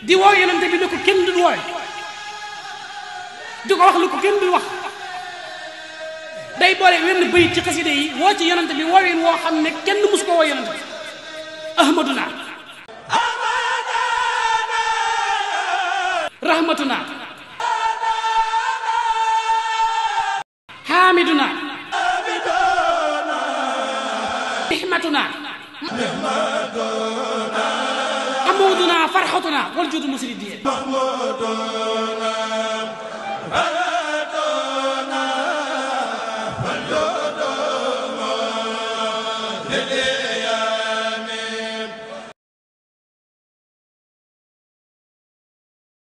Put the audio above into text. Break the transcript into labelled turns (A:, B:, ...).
A: di woo yonente bi lu ko kenn du woowe di ko wax lu ko kenn du wax day boole wenn bayit ci xaside yi woo ci yonente bi woowin woo xam ne kenn mus ko woo yonente bi ahmaduna
B: rahmatuna hamiduna nihmatuna عمودنا فرحتنا
C: والجود المسير دي محمودنا